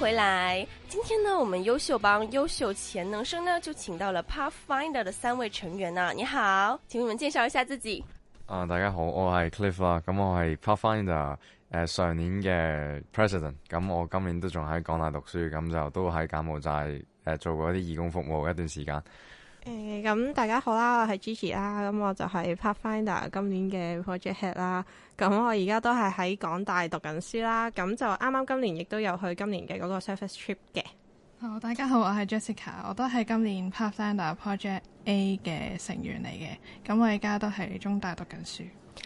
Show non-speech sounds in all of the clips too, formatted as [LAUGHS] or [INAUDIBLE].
回來，今天呢，我們優秀幫優秀潛能生呢就請到了 Pathfinder 的三位成員啊。你好，請你們介紹一下自己。啊，大家好，我係 Cliff 啦、啊，咁我係 Pathfinder 誒上年嘅 President，咁我今年都仲喺港大讀書，咁就都喺柬埔寨誒做過一啲義工服務一段時間。咁、 [MUSIC] 嗯、大家好啦，我係 Gigi 啦。咁我就係 Pathfinder 今年嘅 Project Head 啦。咁我而家都係喺港大讀緊書啦。咁就啱啱今年亦都有去今年嘅嗰個 Surface Trip 嘅。好，大家好，我係 Jessica，我都係今年 Pathfinder Project A 嘅成員嚟嘅。咁我而家都喺中大讀緊書。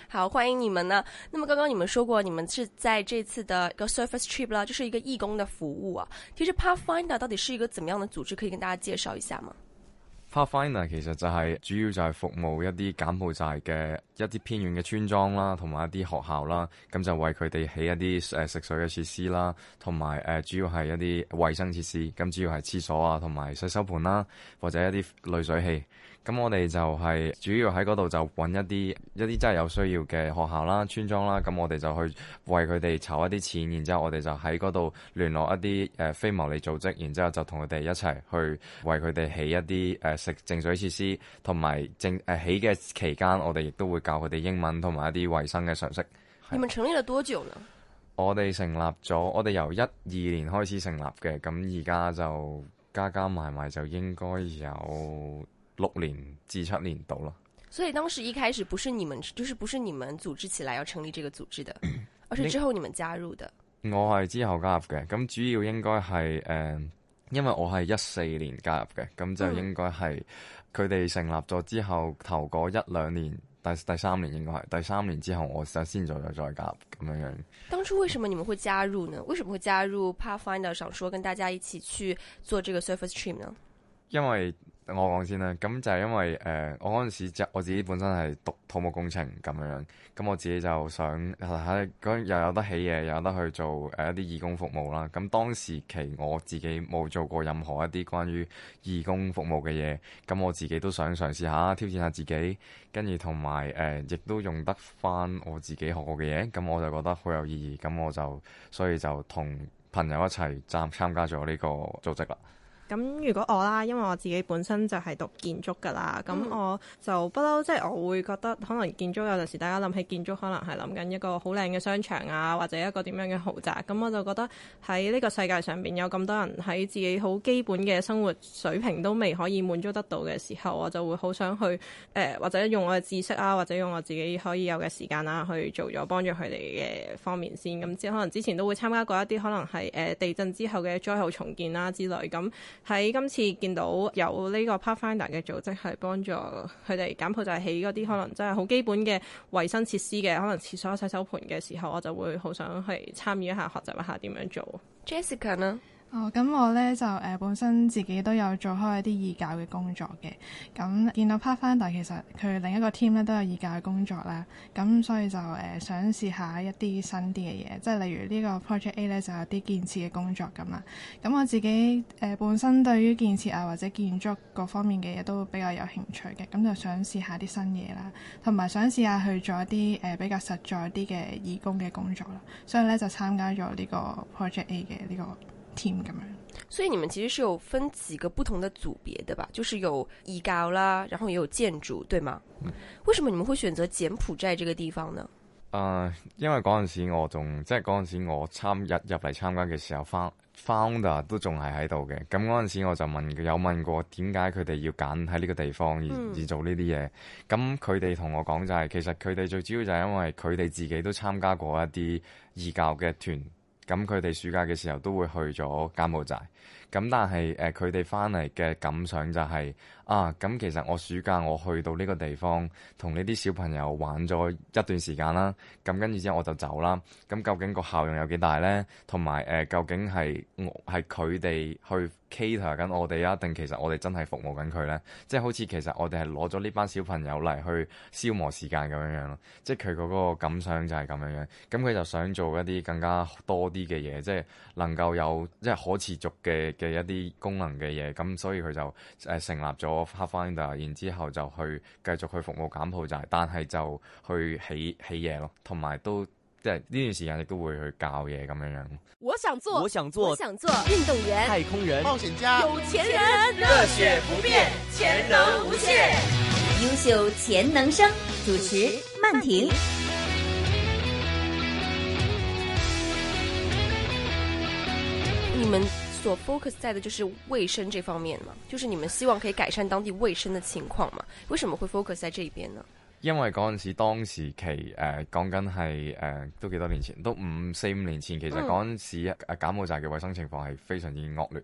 好，歡迎你們呢。那麼剛剛你們說過，你們是在這次的一個 Surface Trip 啦，就是一個義工的服務啊。其實 Pathfinder 到底是一個怎麼樣的組織？可以跟大家介紹一下嗎？Part finer 其實就係主要就係服務一啲柬埔寨嘅一啲偏遠嘅村莊啦，同埋一啲學校啦，咁就為佢哋起一啲誒食水嘅設施啦，同埋誒主要係一啲衛生設施，咁主要係廁所啊，同埋洗手盆啦，或者一啲濾水器。咁我哋就係主要喺嗰度就揾一啲一啲真係有需要嘅學校啦、村莊啦。咁我哋就去為佢哋籌一啲錢，然之後我哋就喺嗰度聯絡一啲、呃、非牟利組織，然之後就同佢哋一齊去為佢哋起一啲、呃、食淨水設施，同埋淨、呃、起嘅期間，我哋亦都會教佢哋英文同埋一啲衛生嘅常識。你哋成立咗多久呢？我哋成立咗，我哋由一二年開始成立嘅，咁而家就加加埋埋就應該有。六年至七年度啦，所以當時一開始不是你們，就是不是你們組織起來要成立這個組織的，而是之後你們加入的。我係之後加入嘅，咁主要應該係誒，因為我係一四年加入嘅，咁就應該係佢哋成立咗之後頭嗰一兩年，第第三年應該係第三年之後，我先先再再加入。咁樣樣。當初為什麼你們會加入呢？ [LAUGHS] 為什麼會加入 Pathfinder，想說跟大家一起去做這個 Surface Stream 呢？因為。我講先啦，咁就係因為、呃、我嗰陣時我自己本身係讀土木工程咁樣，咁我自己就想喺、啊啊、又有得起嘢，又有得去做一啲義工服務啦。咁當時期我自己冇做過任何一啲關於義工服務嘅嘢，咁我自己都想嘗試下挑戰下自己，跟住同埋亦都用得翻我自己學過嘅嘢，咁我就覺得好有意義，咁我就所以就同朋友一齊參參加咗呢個組織啦。咁如果我啦，因為我自己本身就係讀建築㗎啦，咁我就不嬲，即係我會覺得可能建築有陣時大家諗起建築可能係諗緊一個好靚嘅商場啊，或者一個點樣嘅豪宅。咁我就覺得喺呢個世界上邊有咁多人喺自己好基本嘅生活水平都未可以滿足得到嘅時候，我就會好想去誒、呃、或者用我嘅知識啊，或者用我自己可以有嘅時間啊去做咗幫助佢哋嘅方面先。咁即係可能之前都會參加過一啲可能係誒、呃、地震之後嘅災後重建啦、啊、之類，咁。喺今次見到有呢個 Pathfinder 嘅組織係幫助佢哋柬埔寨就起嗰啲可能真係好基本嘅衛生設施嘅，可能廁所、洗手盆嘅時候，我就會好想去參與一下、學習一下點樣做。Jessica 呢？哦，咁我咧就誒、呃、本身自己都有做開一啲義教嘅工作嘅。咁見到 partner，其實佢另一個 team 咧都有義教嘅工作啦。咁所以就誒、呃、想試下一啲新啲嘅嘢，即係例如個呢個 Project A 咧就有啲建設嘅工作㗎嘛。咁我自己誒、呃、本身對於建設啊或者建築各方面嘅嘢都比較有興趣嘅，咁就想試下啲新嘢啦，同埋想試下去做一啲誒、呃、比較實在啲嘅義工嘅工作啦。所以咧就參加咗呢個 Project A 嘅呢、呢個。咁樣，所以你們其實是有分幾個不同的組別的吧？就是有義教啦，然後也有建築，對嗎？嗯、為什麼你們會選擇柬埔寨這個地方呢？誒、呃，因為嗰陣時我仲即係嗰陣時我參日入入嚟參加嘅時候，founder 都仲係喺度嘅。咁嗰陣時我就問，有問過點解佢哋要揀喺呢個地方而而、嗯、做呢啲嘢？咁佢哋同我講就係、是，其實佢哋最主要就係因為佢哋自己都參加過一啲義教嘅團。咁佢哋暑假嘅時候都會去咗柬埔寨，咁但係誒佢哋翻嚟嘅感想就係、是、啊，咁其實我暑假我去到呢個地方，同呢啲小朋友玩咗一段時間啦，咁跟住之後我就走啦。咁究竟個效用有幾大咧？同埋、呃、究竟係我係佢哋去 cater 緊我哋啊，定其實我哋真係服務緊佢呢，即係好似其實我哋係攞咗呢班小朋友嚟去消磨時間咁樣樣咯，即係佢嗰個感想就係咁樣樣。咁佢就想做一啲更加多啲嘅嘢，即係能夠有即係、就是、可持續嘅嘅一啲功能嘅嘢。咁所以佢就誒成立咗 Pathfinder 然之後就去繼續去服務柬埔寨，但係就去起起嘢咯，同埋都。對，呢段時間你都會去教嘢咁樣樣。我想做，我想做，我想做運動員、太空人、冒險家、有錢人，熱血不變，潛能無限，優秀潛能生主持曼婷。嗯、你們所 focus 在的就是衛生這方面嘛？就是你們希望可以改善當地衛生的情況嘛？為什麼會 focus 在這邊呢？因為嗰陣時當時期誒講緊係誒都幾多年前，都五四五年前，其實嗰陣時啊，柬埔寨嘅衛生情況係非常之惡劣。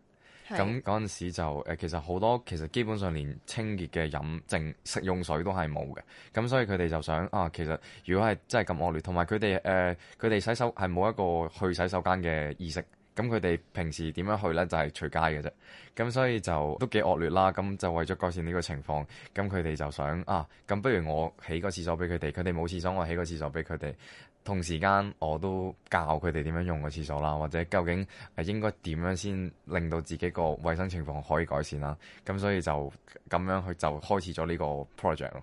咁嗰陣時就、呃、其實好多其實基本上連清潔嘅飲淨食用水都係冇嘅。咁所以佢哋就想啊，其實如果係真係咁惡劣，同埋佢哋誒佢哋洗手係冇一個去洗手間嘅意識。咁佢哋平時點樣去呢？就係隨街嘅啫。咁所以就都幾惡劣啦。咁就為咗改善呢個情況，咁佢哋就想啊，咁不如我起個廁所俾佢哋，佢哋冇廁所，我起個廁所俾佢哋。同時間我都教佢哋點樣用個廁所啦，或者究竟係應該點樣先令到自己個衛生情況可以改善啦。咁所以就咁樣去就開始咗呢個 project 咯。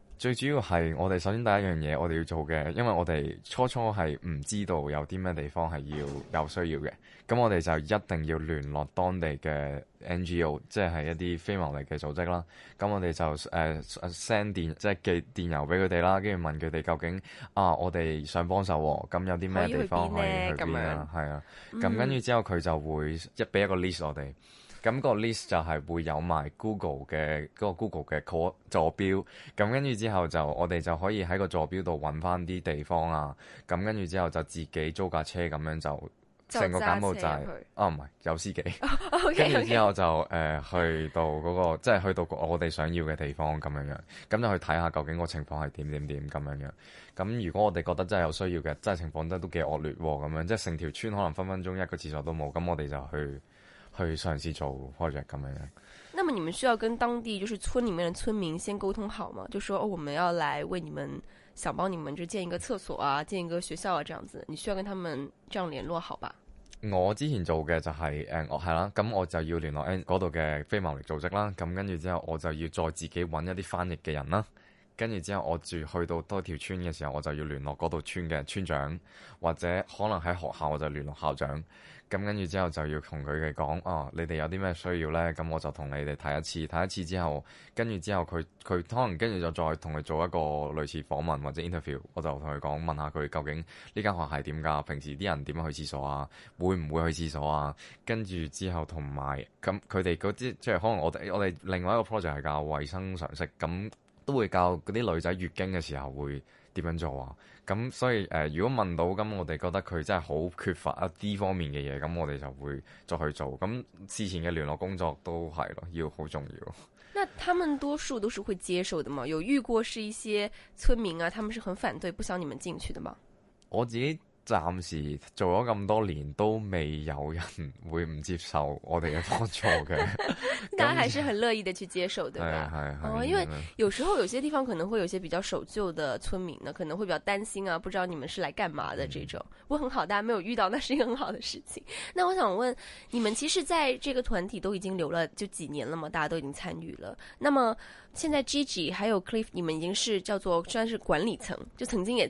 最主要係我哋首先第一樣嘢，我哋要做嘅，因為我哋初初係唔知道有啲咩地方係要有需要嘅，咁我哋就一定要聯絡當地嘅 NGO，即係一啲非牟利嘅組織啦。咁我哋就誒 send、呃、電，即係寄電郵俾佢哋啦，跟住問佢哋究竟啊，我哋想幫手喎，咁有啲咩地方可以去邊啊？係啊，咁跟住之後佢就會一俾一個 list 我哋。咁個 list 就係會有埋 Google 嘅嗰個 Google 嘅坐標，咁跟住之後就我哋就可以喺個坐標度搵翻啲地方啊，咁跟住之後就自己租架車，咁樣就成個柬埔寨啊，唔係有司機，跟住、oh, okay, okay. 之後就誒、呃、去到嗰個即係、去到我哋想要嘅地方咁樣樣，咁就去睇下究竟個情況係點點點咁樣樣。咁如果我哋覺得真係有需要嘅，真係情況真係都幾惡劣喎，咁樣即係成條村可能分分鐘一個廁所都冇，咁我哋就去。去嘗試做 project 咁樣樣。那麼你們需要跟當地就是村裏面的村民先溝通好嗎？就說、哦、我們要來為你們想幫你們就建一個廁所啊，建一個學校啊，這樣子，你需要跟他們這樣聯絡，好吧？我之前做嘅就係、是、誒，我、嗯、係啦，咁我就要聯絡嗰度嘅非牟利組織啦。咁跟住之後，我就要再自己揾一啲翻譯嘅人啦。跟住之後，我住去到多條村嘅時候，我就要聯絡嗰度村嘅村長，或者可能喺學校我就聯絡校長。咁跟住之後就要同佢哋講，哦，你哋有啲咩需要呢？咁我就同你哋睇一次，睇一次之後，跟住之後佢佢可能跟住就再同佢做一個類似訪問或者 interview，我就同佢講問下佢究竟呢間學校係點㗎？平時啲人點樣去廁所啊？會唔會去廁所啊？跟住之後同埋咁佢哋嗰啲即係可能我哋我哋另外一個 project 係教衛生常識，咁都會教嗰啲女仔月經嘅時候會點樣做啊？咁所以誒、呃，如果問到咁，我哋覺得佢真係好缺乏一啲方面嘅嘢，咁我哋就會再去做。咁之前嘅聯絡工作都係咯，要好重要。那他們多數都是會接受的嘛？有遇過是一些村民啊，他們是很反對，不想你們進去的嗎？我自己。暫時做咗咁多年，都未有人會唔接受我哋嘅幫助嘅， [LAUGHS] 大家還是很樂意的去接受，對吧？哦，是因為有時候有些地方可能會有些比較守舊的村民呢，可能會比較擔心啊，不知道你們是來幹嘛的這種。不過、嗯、很好，大家沒有遇到，那是一個很好的事情。那我想問，你們其實在這個團體都已經留了就幾年了嘛？大家都已經參與了。那麼現在 Gigi 還有 Cliff，你們已經是叫做算是管理層，就曾經也。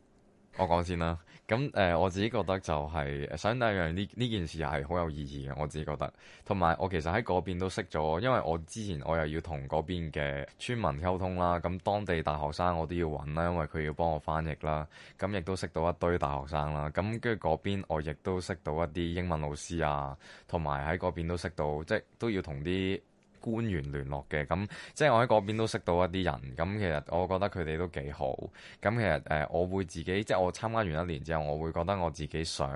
我講先啦，咁誒、呃、我自己覺得就係、誒、首先第一樣呢呢件事係好有意義嘅，我自己覺得。同埋我其實喺嗰邊都識咗，因為我之前我又要同嗰邊嘅村民溝通啦，咁當地大學生我都要揾啦，因為佢要幫我翻譯啦，咁亦都識到一堆大學生啦，咁跟住嗰邊我亦都識到一啲英文老師啊，同埋喺嗰邊都識到，即都要同啲官員聯絡嘅，咁，那即係我喺嗰邊都識到一啲人咁，其實我覺得佢哋都幾好。咁其實誒，我會自己即係我參加完一年之後，我會覺得我自己想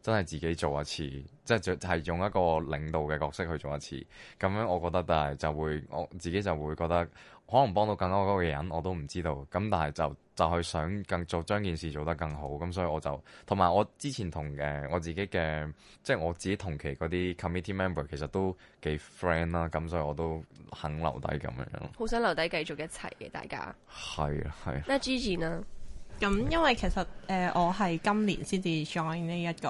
真係自己做一次，即係用一個領導嘅角色去做一次。咁樣我覺得但係就會我自己就會覺得。可能幫到更多嗰個人，我都唔知道。咁但係就就想更做將件事做得更好。咁所以我就同埋我之前同嘅我自己嘅，即係我自己同期嗰啲 committee member 其實都幾 friend 啦。咁所以我都肯留底咁樣樣，好想留底繼續一齊嘅大家。係係、啊。係啊、那 Gigi 呢？咁、嗯、因為其實誒、呃、我係今年先至 join 呢一個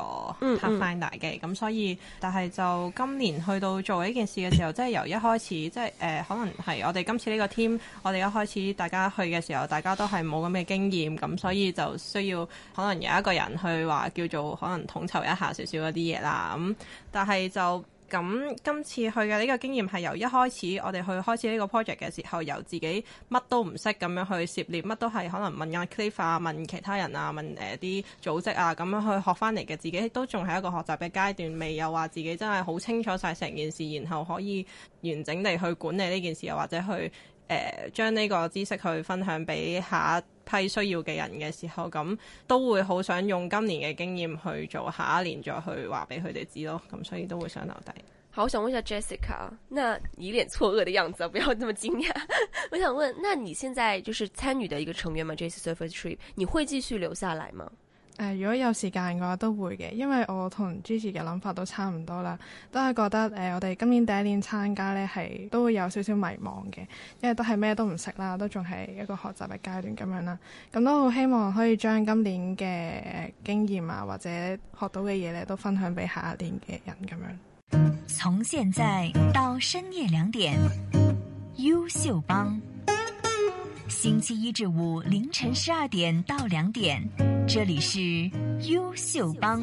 Pathfinder 嘅，咁、嗯嗯嗯、所以但係就今年去到做呢件事嘅時候，即係由一開始即係誒、呃、可能係我哋今次呢個 team，我哋一開始大家去嘅時候，大家都係冇咁嘅經驗，咁、嗯、所以就需要可能有一個人去話叫做可能統籌一下少少嗰啲嘢啦，咁、嗯、但係就。咁今次去嘅呢個經驗係由一開始我哋去開始呢個 project 嘅時候，由自己乜都唔識咁樣去涉獵，乜都係可能問阿 Cliff 啊，問其他人啊，問誒啲組織啊，咁樣去學翻嚟嘅。自己都仲係一個學習嘅階段，未有話自己真係好清楚晒成件事，然後可以完整地去管理呢件事，又或者去誒將呢個知識去分享俾下一代。批需要嘅人嘅時候，咁都會好想用今年嘅經驗去做下一年再去話俾佢哋知咯。咁所以都會想留底。好，我想問一下 Jessica 啊，那你臉錯愕嘅樣子啊，不要咁驚訝。 [LAUGHS] 我想問，那你現在就是參與嘅一個成員嘛？今次 Surface Trip，你會繼續留下來嗎？誒、呃，如果有時間嘅話都會嘅，因為我同 Gigi 嘅諗法都差唔多啦，都係覺得誒、呃，我哋今年第一年參加咧係都會有少少迷茫嘅，因為都係咩都唔識啦，都仲係一個學習嘅階段咁樣啦，咁都好希望可以將今年嘅經驗啊或者學到嘅嘢咧，都分享俾下一年嘅人咁樣。從現在到深夜兩點，優秀幫。星期一至五凌晨十二點到兩點，這裏是優秀幫。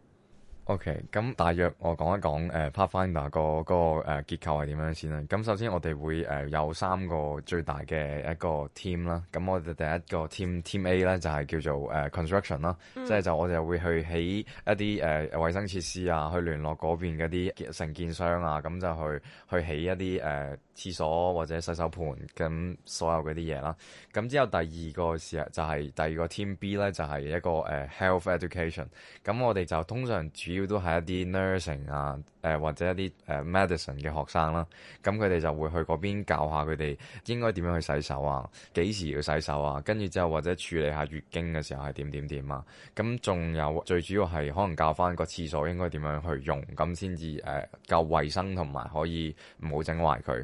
OK，咁大約我講一講誒 ParkFinder、個個誒結構係點樣先啦。咁首先我哋會誒有三個最大嘅一個 team 啦。咁我哋第一個 team team A 咧就係叫做 construction 啦、嗯，即係就我哋會去起一啲誒衛生設施啊，去聯絡嗰邊嗰啲承建商啊，咁就去去起一啲誒。廁所或者洗手盤，咁所有嗰啲嘢啦，咁之後第二個事就係、是、第二個 team B 咧，就係、是、一個誒、呃、health education。咁、嗯、我哋就通常主要都係一啲 nursing 啊，誒、呃、或者一啲誒、呃、medicine 嘅學生啦。咁佢哋就會去嗰邊教下佢哋應該點樣去洗手啊，幾時要洗手啊，跟住之後或者處理下月經嘅時候係點點點啊。咁、嗯、仲有最主要係可能教翻個廁所應該點樣去用，咁先至誒夠衞生同埋可以唔好整壞佢。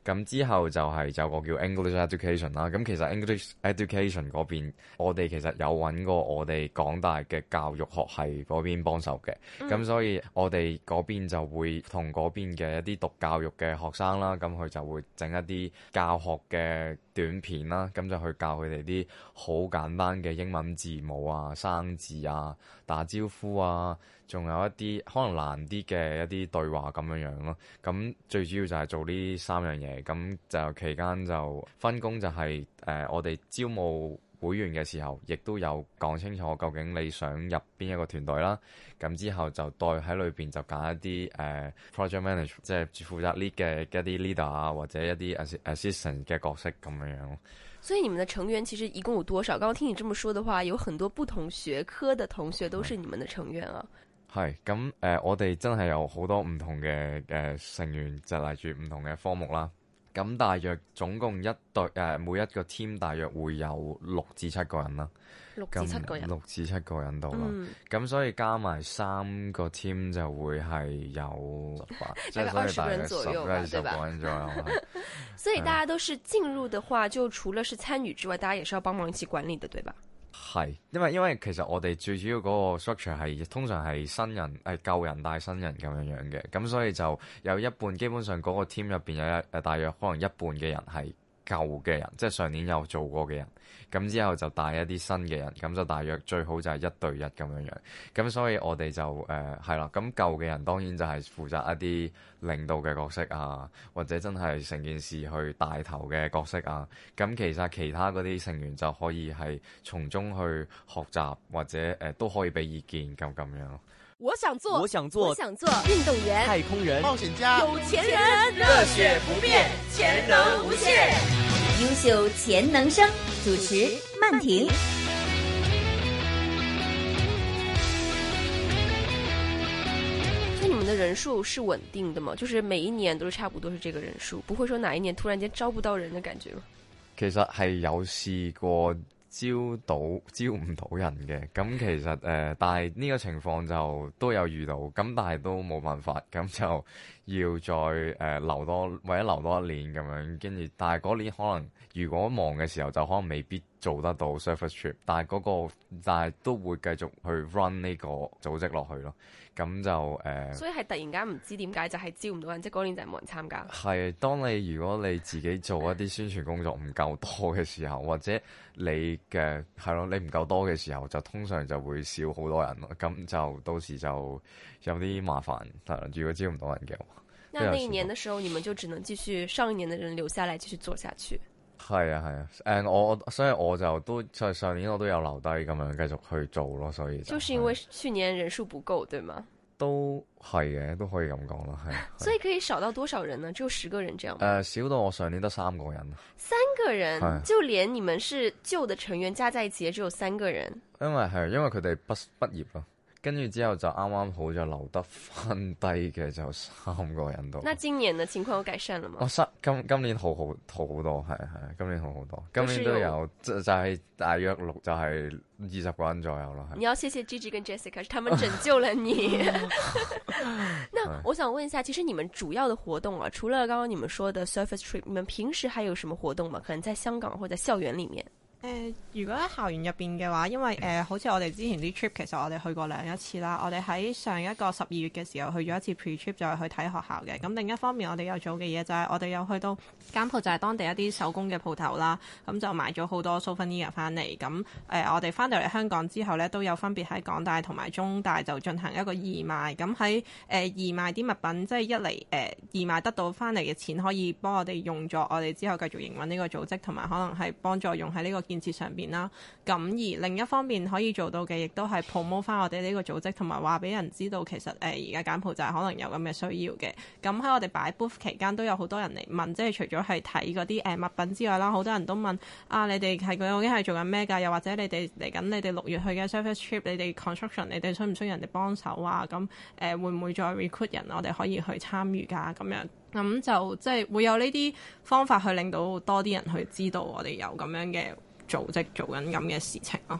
咁之後就係就個叫 English Education 啦，咁其實 English Education 嗰邊我哋其實有揾過我哋港大嘅教育學係嗰邊幫手嘅，咁所以我哋嗰邊就會同嗰邊嘅一啲讀教育嘅學生啦，咁佢就會整一啲教學嘅短片啦，咁就去教佢哋啲好簡單嘅英文字母啊、生字啊、打招呼啊，仲有一啲可能難啲嘅一啲對話咁樣樣咯，咁最主要就係做呢三樣嘢。誒，咁就期間就分工就係、是、誒、呃，我哋招募會員嘅時候，亦都有講清楚究竟你想入邊一個團隊啦。咁之後就待喺裏邊就揀一啲誒、呃、project manager，即係負責 lead 嘅一啲 leader 啊，或者一啲 As assistant 嘅角色咁樣樣。所以你們的成員其實一共有多少？剛剛聽你這麼說的話，有很多不同學科的同學都是你們的成員啊。係，咁誒、呃，我哋真係有好多唔同嘅誒、呃、成員，就嚟住唔同嘅科目啦。咁大約總共一隊誒、呃、每一個 team 大約會有六至七個人啦，六至七個人，六至七個人到啦。咁、嗯、所以加埋三個 team 就會係有、嗯、大概二十個人左右，對吧？ [LAUGHS] 所以大家都是進入的話，就除了是參與之外，大家也是要幫忙一起管理的，對吧？係，因為因為其實我哋最主要嗰個 structure 係通常係新人係舊人帶新人咁樣樣嘅，咁所以就有一半基本上嗰個 team 入邊有誒大約可能一半嘅人係。舊嘅人，即係上年有做過嘅人，咁之後就帶一啲新嘅人，咁就大約最好就係一對一咁樣樣。咁所以我哋就誒係啦。咁、呃、舊嘅人當然就係負責一啲領導嘅角色啊，或者真係成件事去帶頭嘅角色啊。咁其實其他嗰啲成員就可以係從中去學習，或者、呃、都可以俾意見咁咁樣。我想做，我想做，我想做運動員、太空人、冒險家、有錢人，熱血不變，潛能無限，優秀潛能生，主持曼婷。那、嗯、停你們的人數是穩定的嗎？就是每一年都是差不多是這個人數，不會說哪一年突然間招不到人的感覺嗎？其實還有試過。招到招唔到人嘅，咁其實，誒，但係呢個情況就都有遇到，咁但係都冇辦法，咁就要再誒留多，或者留多一年咁樣。跟住，但係嗰年可能如果忙嘅時候，就可能未必做得到 surface trip，但係嗰個，但係都會繼續去 run 呢個組織落去咯。咁就誒，呃、所以係突然間唔知點解就係招唔到人，即係嗰年就冇人參加。係，當你如果你自己做一啲宣傳工作唔夠多嘅時候，或者你嘅係咯你唔夠多嘅時候，就通常就會少好多人咯。咁就到時就有啲麻煩，係如果招唔到人嘅話。那那一年嘅時候， [LAUGHS] 你們就只能繼續上一年嘅人留下來，繼續做下去。係啊，係啊，誒、啊、我所以我就都在上年我都有留低咁樣繼續去做咯，所以就就係因為去年人數不夠對嗎？都係嘅，都可以咁講咯，係、啊。啊、所以可以少到多少人呢？只有十個人這樣？誒、呃，少到我上年得三個人，三個人、啊、就連你們是舊的成員加在一起只有三個人，因為係、啊、因為佢哋畢畢業咯。跟住之後就啱啱好就留得翻低嘅，就三個人度、哦。那今年嘅情況有改善了嗎？哦、今今年好好好多，係系，今年好好，好，多今年好，好多，今年都有就係、就是、大約六就係、是、二十個人左右。你要謝謝 Gigi 跟 Jessica，他們拯救了你。 [LAUGHS] [LAUGHS] [LAUGHS] 那我想問一下，其實你們主要的活動啊，除了剛剛你們說的 surface trip，你們平時還有什麼活動嗎？可能在香港或者在校園裏面？誒，如果喺校園入邊嘅話，因為誒、呃，好似我哋之前啲 trip 其實我哋去過兩一次啦。我哋喺上一個十二月嘅時候去咗一次 pre trip，就係去睇學校嘅。咁另一方面，我哋有做嘅嘢就係我哋有去到間鋪，就係當地一啲手工嘅鋪頭啦。咁就買咗好多 souvenir 翻嚟。咁誒、呃，我哋翻到嚟香港之後呢，都有分別喺港大同埋中大就進行一個義賣。咁喺誒義賣啲物品，即係一嚟誒義賣得到翻嚟嘅錢，可以幫我哋用作我哋之後繼續營運呢個組織，同埋可能係幫助用喺呢個。建設上面啦，咁而另一方面可以做到嘅，亦都係 promote 翻我哋呢個組織，同埋話俾人知道其實而家柬埔寨可能有咁嘅需要嘅。咁喺我哋擺 booth 期間都有好多人嚟問，即係除咗係睇嗰啲物品之外啦，好多人都問啊，你哋係究竟係做緊咩㗎？又或者你哋嚟緊你哋六月去嘅 service trip，你哋 construction，你哋需唔需要人哋幫手啊？咁會唔會再 recruit 人？我哋可以去參與㗎咁樣，咁就即係會有呢啲方法去令到多啲人去知道我哋有咁樣嘅。做即係、就是、做緊咁嘅事情啊！哦、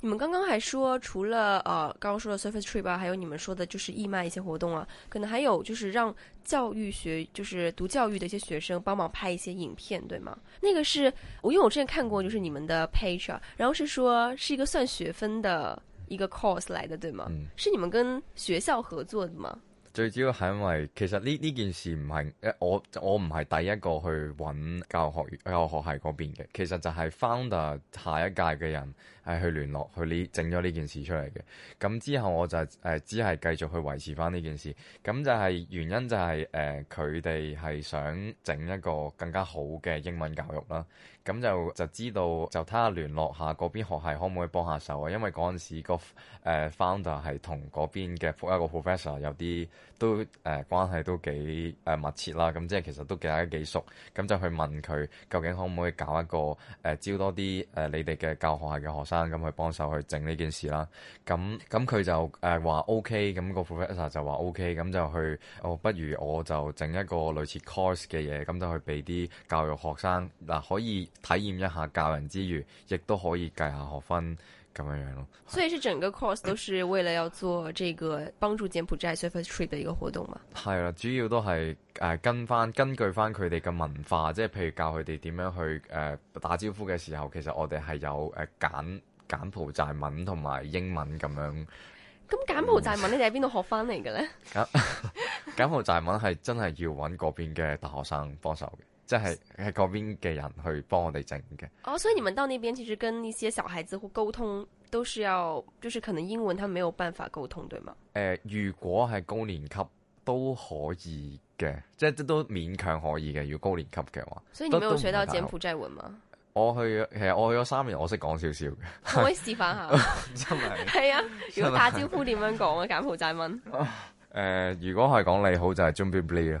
你們剛剛還說，除了呃，剛剛說的 surface trip 啊，還有你們說的，就是義賣一些活動啊，可能還有就是讓教育學，就是讀教育的一些學生幫忙拍一些影片，對嗎？那個是我因為我之前看過，就是你們的 page，啊。然後是說是一個算學分的一個 course 來的，對嗎？嗯、是你們跟學校合作的嗎？最主要係因為其實呢呢件事唔係我我唔係第一個去揾教育學教育學系嗰邊嘅，其實就係 Founder 下一屆嘅人係去聯絡去呢整咗呢件事出嚟嘅。咁之後我就誒、呃、只係繼續去維持翻呢件事。咁就係、是、原因就係誒佢哋係想整一個更加好嘅英文教育啦。咁就就知道，就睇下聯絡下嗰邊學系可唔可以幫下手啊？因為嗰陣時、個、呃、founder 係同嗰邊嘅一個 professor 有啲。都誒、呃、關係都幾誒、呃、密切啦，咁即係其實都大家幾熟，咁就去問佢究竟可唔可以搞一個誒、呃、招多啲誒、呃、你哋嘅教育學校嘅學生咁去幫手去整呢件事啦。咁咁佢就誒話、呃、OK，咁個 professor 就話 OK，咁就去，我、哦、不如我就整一個類似 course 嘅嘢，咁就去俾啲教育學生嗱、呃、可以體驗一下教人之餘，亦都可以計下學分。咁樣樣咯，所以是整個 course 都是為了要做這個幫助柬埔寨 service、er、trip 的一個活動嘛？係啦，主要都係誒、呃、跟翻根據翻佢哋嘅文化，即係譬如教佢哋點樣去誒、呃、打招呼嘅時候，其實我哋係有誒、呃、柬，柬埔寨文同埋英文咁樣。咁柬埔寨文你哋喺邊度學翻嚟嘅咧？ [LAUGHS] 柬埔寨文係真係要揾嗰邊嘅大學生幫手嘅。即係喺嗰邊嘅人去幫我哋整嘅。哦，所以你們到那邊其實跟一些小孩子會溝通都是要，就是可能英文，他沒有辦法溝通，對嗎？誒、呃，如果係高年級都可以嘅，即係都勉強可以嘅，如果高年級嘅話。所以你們有冇學到柬埔寨文嗎？我去，其實我去咗三年，我識講少少嘅。 [LAUGHS] 我可唔可以示範下？ [LAUGHS] 真係係是 [LAUGHS] 啊，如果打招呼點樣講啊？柬埔寨文。誒、呃呃，如果係講你好就係 j u m p i e l e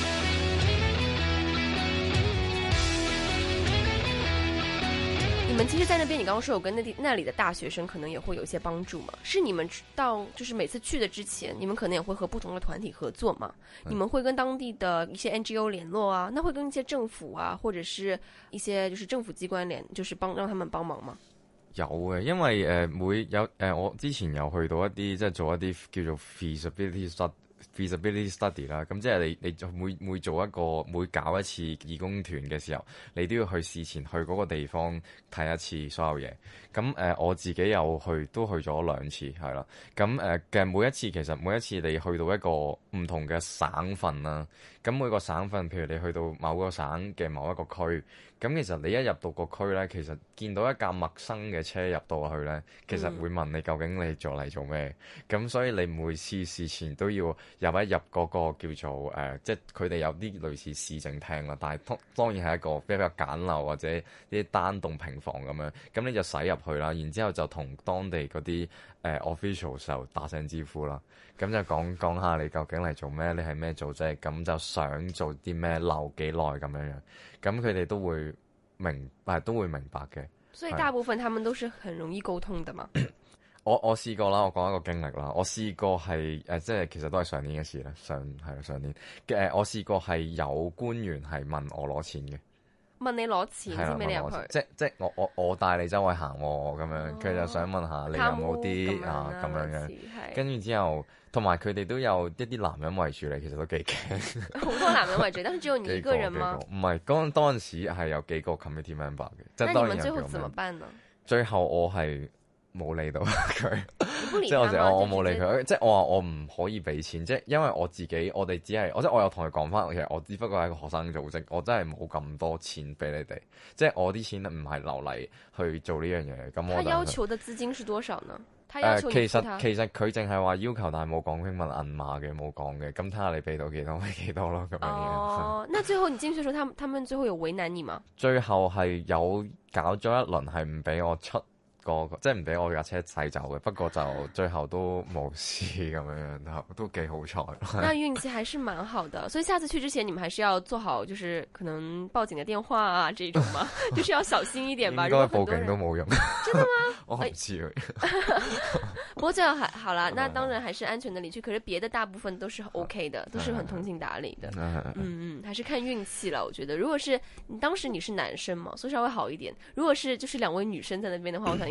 其實，在那邊，你剛剛說有跟那地那裏的大學生，可能也會有一些幫助嘛？是你們到，就是每次去的之前，你們可能也會和不同的團體合作嘛？你們會跟當地的一些 NGO 聯絡啊？那會跟一些政府啊，或者是一些就是政府機關聯，就是幫讓他們幫忙嗎？有嘅，因為誒、呃、每、有、呃、我之前有去到一啲即係做一啲叫做 feasibility study。feasibility study 啦，咁即係你你每每做一個每搞一次義工團嘅時候，你都要去事前去嗰個地方睇一次所有嘢。咁、呃、我自己有去都去咗兩次，係啦。咁嘅、呃、每一次其實每一次你去到一個唔同嘅省份啦。咁每個省份，譬如你去到某個省嘅某一個區，咁其實你一入到個區呢，其實見到一架陌生嘅車入到去呢，其實會問你究竟你做嚟做咩？咁所以你每次事前都要入一入嗰個叫做、呃、即係佢哋有啲類似市政廳啦，但係當然係一個比較簡陋或者啲單棟平房咁樣，咁你就駛入去啦，然之後就同當地嗰啲、呃、official 就打聲招呼啦，咁就講講下你究竟嚟做咩，你係咩組織，咁就。想做啲咩，留幾耐咁樣樣，咁佢哋都會明，唔都會明白嘅。白的所以大部分他們都是很容易溝通嘅嘛 [COUGHS] 。我我試過啦，我講一個經歷啦。我試過係誒，即係，呃，其實都係上年嘅事啦。上係上年嘅，我試過係有官員係問我攞錢嘅。問你攞錢先畀你入去？即即我我我帶你周圍行喎，咁樣佢、哦、就想問下你有冇啲啊咁樣樣，跟住之後，同埋佢哋都有一啲男人圍住你，其實都幾驚。好多男人圍住， [LAUGHS] 但係只有你一個人嗎？唔係，當當時係有幾個 committee member 嘅，即當時有幾個。最後怎麼辦呢？最後我係冇理到佢，即係 [LAUGHS] 我成日是我冇理佢，即係我話我唔可以俾錢，即係因為我自己我哋只係，即係我有同佢講翻，其實我只不過係個學生組織，我真係冇咁多錢俾你哋，即、就、係、是、我啲錢唔係留嚟去做呢樣嘢。咁我他，他要求嘅資金是多少呢？呃、其實其實佢淨係話要求，但係冇講英文銀碼嘅冇講嘅，咁睇下你俾到幾多咪幾多咯咁樣。哦，那最後你進去之後，他他們最後有為難你嘛？最後係有搞咗一輪，係唔俾我出。個即係唔俾我架車駛走嘅，不過就最後都冇事咁樣樣，都都幾好彩。 [LAUGHS] 那運氣還是蠻好的，所以下次去之前，你們還是要做好，就是可能報警嘅電話啊，這種嘛， [LAUGHS] 就是要小心一點吧。 [LAUGHS] 應該報警都冇用。 [LAUGHS] 真的嗎？ [LAUGHS] 我唔知、哎、 [LAUGHS] [LAUGHS] 不過最後還好啦，那當然還是安全地離去。可是別的大部分都是 OK 的，都是很通情達理的。嗯嗯 [LAUGHS] 嗯，還是看運氣啦。我覺得，如果是你當時你是男生嘛，所以稍微好一點。如果是就是兩位女生在那邊的話，我諗。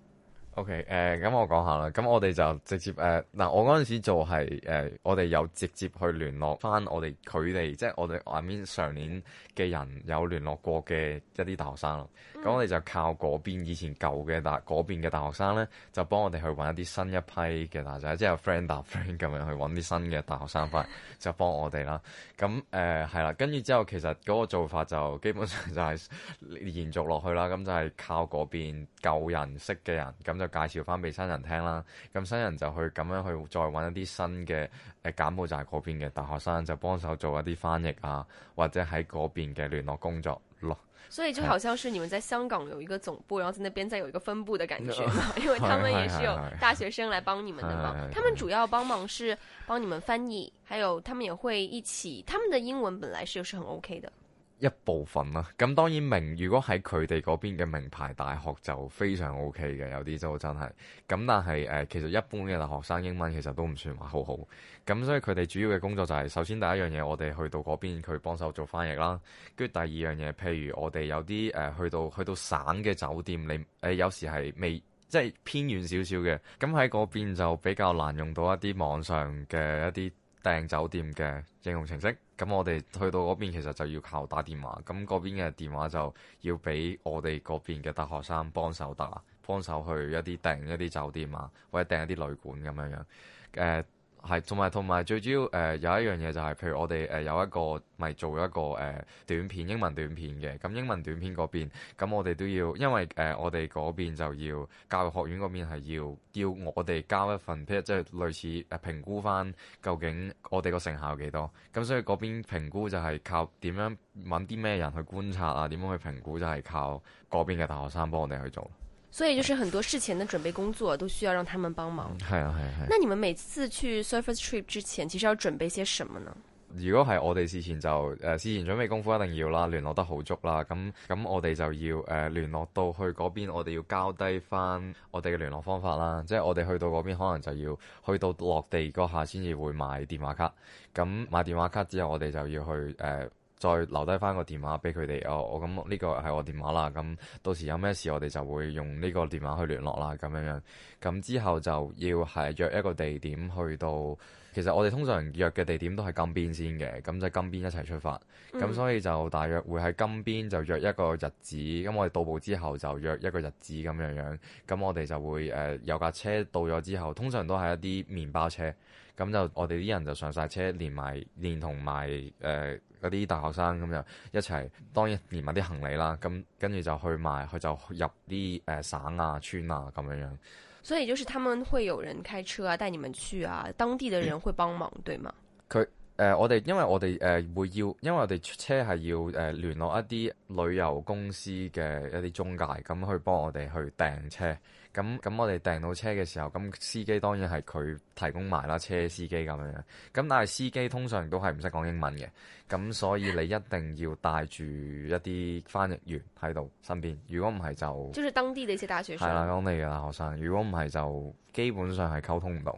OK，誒、呃，咁我講下啦，咁我哋就直接誒嗱、呃，我嗰陣時做係誒、呃、我哋有直接去聯絡翻我哋佢哋，即、就、係、是、我哋外面上年嘅人有聯絡過嘅一啲大學生咯，咁、嗯、我哋就靠邊邊以前舊嘅大邊邊嘅大學生咧，就幫我哋去揾一啲新一批嘅大仔，即係 friend 搭 friend 咁樣去揾啲新嘅大學生翻，就幫、是、 [LAUGHS] 我哋啦。咁誒係啦，跟、呃、住之後其實嗰個做法就基本上就係延續落去啦，咁就係靠邊邊舊人識嘅人咁。就介紹翻俾新人聽啦，咁新人就去咁樣去再搵一啲新嘅誒柬埔寨嗰邊嘅大學生，就幫手做一啲翻譯啊，或者喺嗰邊嘅聯絡工作咯。所以就好像是你們在香港有一個總部，然後在那邊再有一個分部的感覺，嗯、因為他們也是有大學生來幫你們嘅嘛，他們主要幫忙是幫你們翻譯， [LAUGHS] 還有他們也會一起，他們的英文本來是又是很 OK 的。一部分啦，咁當然名，如果喺佢哋嗰邊嘅名牌大學就非常 O K 嘅，有啲就真係，咁但係誒、呃、其實一般嘅大學生英文其實都唔算話好好，咁所以佢哋主要嘅工作就係、是，首先第一樣嘢我哋去到嗰邊佢幫手做翻譯啦，跟住第二樣嘢，譬如我哋有啲誒、呃、去到去到省嘅酒店，你誒、呃、有時係未即係偏遠少少嘅，咁喺嗰邊就比較難用到一啲網上嘅一啲。訂酒店嘅應用程式，咁我哋去到嗰邊其實就要靠打電話，咁嗰邊嘅電話就要俾我哋嗰邊嘅大學生幫手打，幫手去一啲訂一啲酒店啊，或者訂一啲旅館咁樣樣，呃係，同埋同埋最主要誒有一樣嘢就係，譬如我哋誒有一個咪做一個誒短片英文短片嘅，咁英文短片嗰邊，咁我哋都要，因為誒我哋嗰邊就要教育學院嗰邊係要叫我哋交一份，即係類似誒評估翻究竟我哋個成效幾多，咁所以嗰邊評估就係靠點樣揾啲咩人去觀察啊，點樣去評估就係靠嗰邊嘅大學生幫我哋去做。所以就是很多事前的準備工作都需要讓他們幫忙。係啊係係。啊啊、那你們每次去 service trip 之前，其實要準備些什麼呢？如果係我哋事前就誒、呃，事前準備功夫一定要啦，聯絡得好足啦。咁咁我哋就要誒聯、呃、絡到去嗰邊，我哋要交低翻我哋嘅聯絡方法啦。即、就、係、是、我哋去到嗰邊，可能就要去到落地嗰下先至會買電話卡。咁買電話卡之後，我哋就要去誒。呃再留低翻個電話俾佢哋，哦，我咁呢個係我電話啦，咁到時有咩事我哋就會用呢個電話去聯絡啦，咁樣樣，咁之後就要係約一個地點去到。其實我哋通常約嘅地點都係金邊先嘅，咁就金邊一齊出發，咁、嗯、所以就大約會喺金邊就約一個日子，咁我哋到步之後就約一個日子咁樣樣，咁我哋就會誒、呃、有架車到咗之後，通常都係一啲麵包車，咁就我哋啲人就上晒車，連埋連同埋誒嗰啲大學生咁就一齊，當然連埋啲行李啦，咁跟住就去埋，佢就入啲誒、呃、省啊村啊咁樣樣。所以就是他們會有人開車啊，帶你們去啊，當地的人會幫忙，嗯、對嗎？佢誒、呃，我哋因為我哋誒、呃、會要，因為我哋出車係要誒、呃、聯絡一啲旅遊公司嘅一啲中介，咁去幫我哋去訂車。咁咁我哋訂到車嘅時候，咁司機當然係佢提供埋啦，車司機咁樣樣。咁但係司機通常都係唔識講英文嘅，咁所以你一定要帶住一啲翻譯員喺度身邊。如果唔係就，即係當地嘅一些大學生，係啦，當地嘅大學生。如果唔係就，基本上係溝通唔到。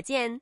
火箭。